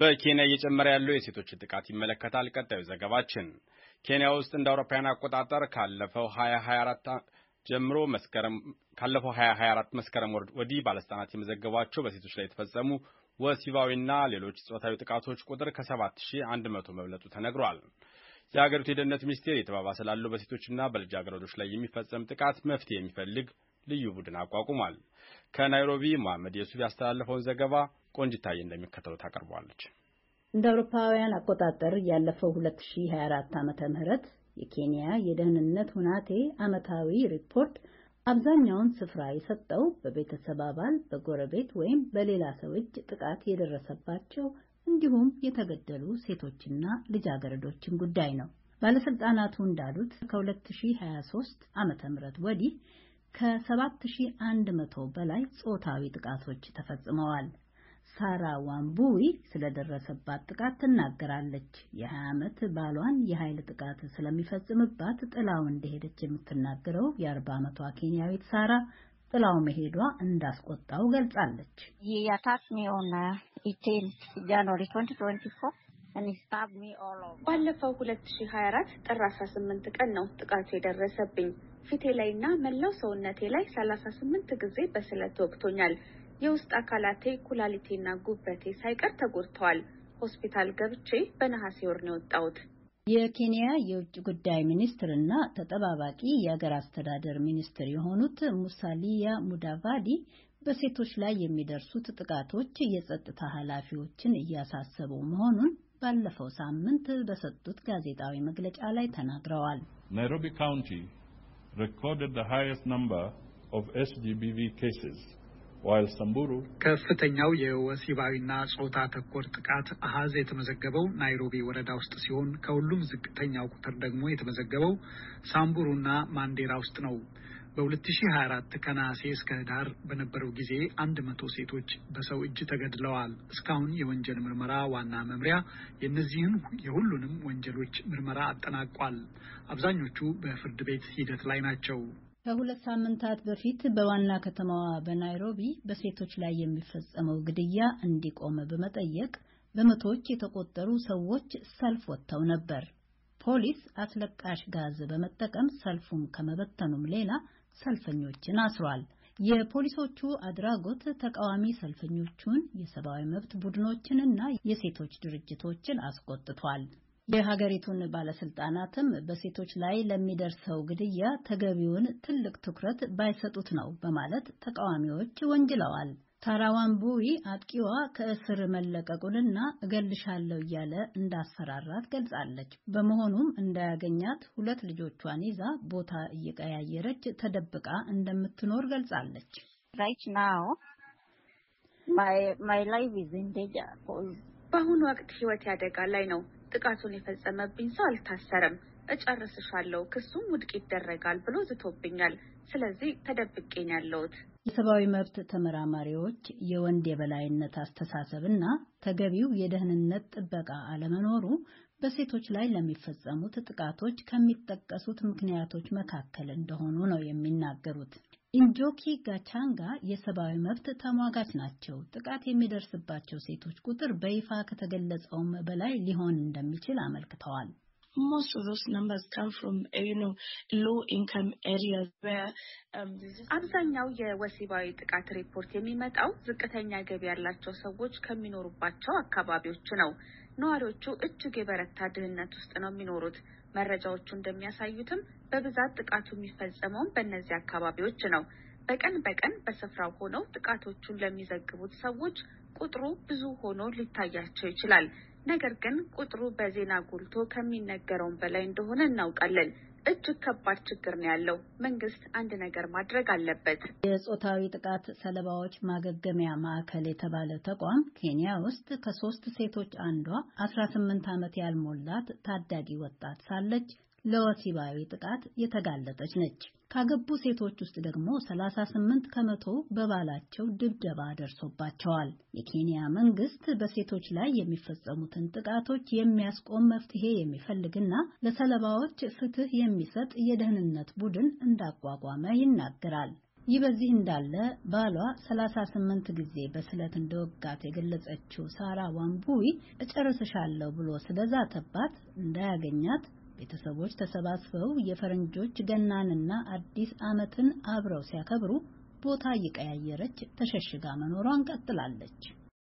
በኬንያ እየጨመረ ያለው የሴቶችን ጥቃት ይመለከታል ቀጣዩ ዘገባችን። ኬንያ ውስጥ እንደ አውሮፓውያን አቆጣጠር ካለፈው 2024 ጀምሮ መስከረም ካለፈው 2024 መስከረም ወዲህ ባለስልጣናት የመዘገቧቸው በሴቶች ላይ የተፈጸሙ ወሲባዊና ሌሎች ጾታዊ ጥቃቶች ቁጥር ከ7100 መብለጡ ተነግሯል። የአገሪቱ የደህንነት ሚኒስቴር የተባባሰ ላለው በሴቶችና በልጃገረዶች ላይ የሚፈጸም ጥቃት መፍትሄ የሚፈልግ ልዩ ቡድን አቋቁሟል። ከናይሮቢ መሐመድ የሱፍ ያስተላለፈውን ዘገባ ቆንጅታዬ እንደሚከተለው ታቀርቧለች። እንደ አውሮፓውያን አቆጣጠር ያለፈው 2024 ዓመተ ምህረት የኬንያ የደህንነት ሁናቴ ዓመታዊ ሪፖርት አብዛኛውን ስፍራ የሰጠው በቤተሰብ አባል፣ በጎረቤት ወይም በሌላ ሰው እጅ ጥቃት የደረሰባቸው እንዲሁም የተገደሉ ሴቶችና ልጃገረዶችን ጉዳይ ነው። ባለስልጣናቱ እንዳሉት ከ2023 ዓመተ ም ወዲህ ከ7100 በላይ ጾታዊ ጥቃቶች ተፈጽመዋል። ሳራ ዋንቡዊ ስለደረሰባት ጥቃት ትናገራለች። የ20 ዓመት ባሏን የኃይል ጥቃት ስለሚፈጽምባት ጥላው እንደሄደች የምትናገረው የ40 ዓመቷ ኬንያዊት ሳራ ጥላው መሄዷ እንዳስቆጣው ገልጻለች። ባለፈው 2024 ጥር 18 ቀን ነው ጥቃቱ የደረሰብኝ። ፊቴ ላይ እና መላው ሰውነቴ ላይ 38 ጊዜ በስለት ወቅቶኛል። የውስጥ አካላቴ ኩላሊቴና ጉበቴ ሳይቀር ተጎድተዋል። ሆስፒታል ገብቼ በነሐሴ ወር ነው የወጣሁት። የኬንያ የውጭ ጉዳይ ሚኒስትር እና ተጠባባቂ የአገር አስተዳደር ሚኒስትር የሆኑት ሙሳሊያ ሙዳቫዲ በሴቶች ላይ የሚደርሱት ጥቃቶች የጸጥታ ኃላፊዎችን እያሳሰቡ መሆኑን ባለፈው ሳምንት በሰጡት ጋዜጣዊ መግለጫ ላይ ተናግረዋል። ናይሮቢ ካውንቲ recorded the highest number of SGBV cases ከፍተኛው የወሲባዊና ጾታ ተኮር ጥቃት አሃዝ የተመዘገበው ናይሮቢ ወረዳ ውስጥ ሲሆን ከሁሉም ዝቅተኛው ቁጥር ደግሞ የተመዘገበው ሳምቡሩና ማንዴራ ውስጥ ነው። በ2024 ከነሐሴ እስከ ህዳር በነበረው ጊዜ 100 ሴቶች በሰው እጅ ተገድለዋል። እስካሁን የወንጀል ምርመራ ዋና መምሪያ የእነዚህን የሁሉንም ወንጀሎች ምርመራ አጠናቋል። አብዛኞቹ በፍርድ ቤት ሂደት ላይ ናቸው። ከሁለት ሳምንታት በፊት በዋና ከተማዋ በናይሮቢ በሴቶች ላይ የሚፈጸመው ግድያ እንዲቆም በመጠየቅ በመቶዎች የተቆጠሩ ሰዎች ሰልፍ ወጥተው ነበር። ፖሊስ አስለቃሽ ጋዝ በመጠቀም ሰልፉን ከመበተኑም ሌላ ሰልፈኞችን አስሯል። የፖሊሶቹ አድራጎት ተቃዋሚ ሰልፈኞቹን፣ የሰብአዊ መብት ቡድኖችንና የሴቶች ድርጅቶችን አስቆጥቷል። የሀገሪቱን ባለስልጣናትም በሴቶች ላይ ለሚደርሰው ግድያ ተገቢውን ትልቅ ትኩረት ባይሰጡት ነው በማለት ተቃዋሚዎች ወንጅለዋል። ታራዋን ቡዊ አጥቂዋ ከእስር መለቀቁንና እገልሻለሁ እያለ እንዳሰራራት ገልጻለች። በመሆኑም እንዳያገኛት ሁለት ልጆቿን ይዛ ቦታ እየቀያየረች ተደብቃ እንደምትኖር ገልጻለች። በአሁኑ ወቅት ሕይወት ያደጋ ላይ ነው። ጥቃቱን የፈጸመብኝ ሰው አልታሰርም፣ እጨርስሻለሁ፣ ክሱም ውድቅ ይደረጋል ብሎ ዝቶብኛል። ስለዚህ ተደብቄን ያለሁት። የሰብአዊ መብት ተመራማሪዎች የወንድ የበላይነት አስተሳሰብና ተገቢው የደህንነት ጥበቃ አለመኖሩ በሴቶች ላይ ለሚፈጸሙት ጥቃቶች ከሚጠቀሱት ምክንያቶች መካከል እንደሆኑ ነው የሚናገሩት። ኢንጆኪ ጋቻንጋ የሰብአዊ መብት ተሟጋች ናቸው። ጥቃት የሚደርስባቸው ሴቶች ቁጥር በይፋ ከተገለጸውም በላይ ሊሆን እንደሚችል አመልክተዋል። uh, um, አብዛኛው የወሲባዊ ጥቃት ሪፖርት የሚመጣው ዝቅተኛ ገቢ ያላቸው ሰዎች ከሚኖሩባቸው አካባቢዎች ነው። ነዋሪዎቹ እጅግ የበረታ ድህነት ውስጥ ነው የሚኖሩት። መረጃዎቹ እንደሚያሳዩትም በብዛት ጥቃቱ የሚፈጸመውን በእነዚህ አካባቢዎች ነው። በቀን በቀን በስፍራው ሆነው ጥቃቶቹን ለሚዘግቡት ሰዎች ቁጥሩ ብዙ ሆኖ ሊታያቸው ይችላል። ነገር ግን ቁጥሩ በዜና ጎልቶ ከሚነገረውም በላይ እንደሆነ እናውቃለን። እጅግ ከባድ ችግር ነው ያለው። መንግስት አንድ ነገር ማድረግ አለበት። የጾታዊ ጥቃት ሰለባዎች ማገገሚያ ማዕከል የተባለ ተቋም ኬንያ ውስጥ ከሶስት ሴቶች አንዷ አስራ ስምንት ዓመት ያልሞላት ታዳጊ ወጣት ሳለች ለወሲባዊ ጥቃት የተጋለጠች ነች። ካገቡ ሴቶች ውስጥ ደግሞ 38 ከመቶ በባላቸው ድብደባ ደርሶባቸዋል። የኬንያ መንግስት በሴቶች ላይ የሚፈጸሙትን ጥቃቶች የሚያስቆም መፍትሄ የሚፈልግና ለሰለባዎች ፍትህ የሚሰጥ የደህንነት ቡድን እንዳቋቋመ ይናገራል። ይህ በዚህ እንዳለ ባሏ 38 ጊዜ በስለት እንደወጋት የገለጸችው ሳራ ዋንቡዊ እጨርስሻለሁ ብሎ ስለዛተባት እንዳያገኛት ቤተሰቦች ተሰባስበው የፈረንጆች ገናንና አዲስ ዓመትን አብረው ሲያከብሩ ቦታ እየቀያየረች ተሸሽጋ መኖሯን ቀጥላለች።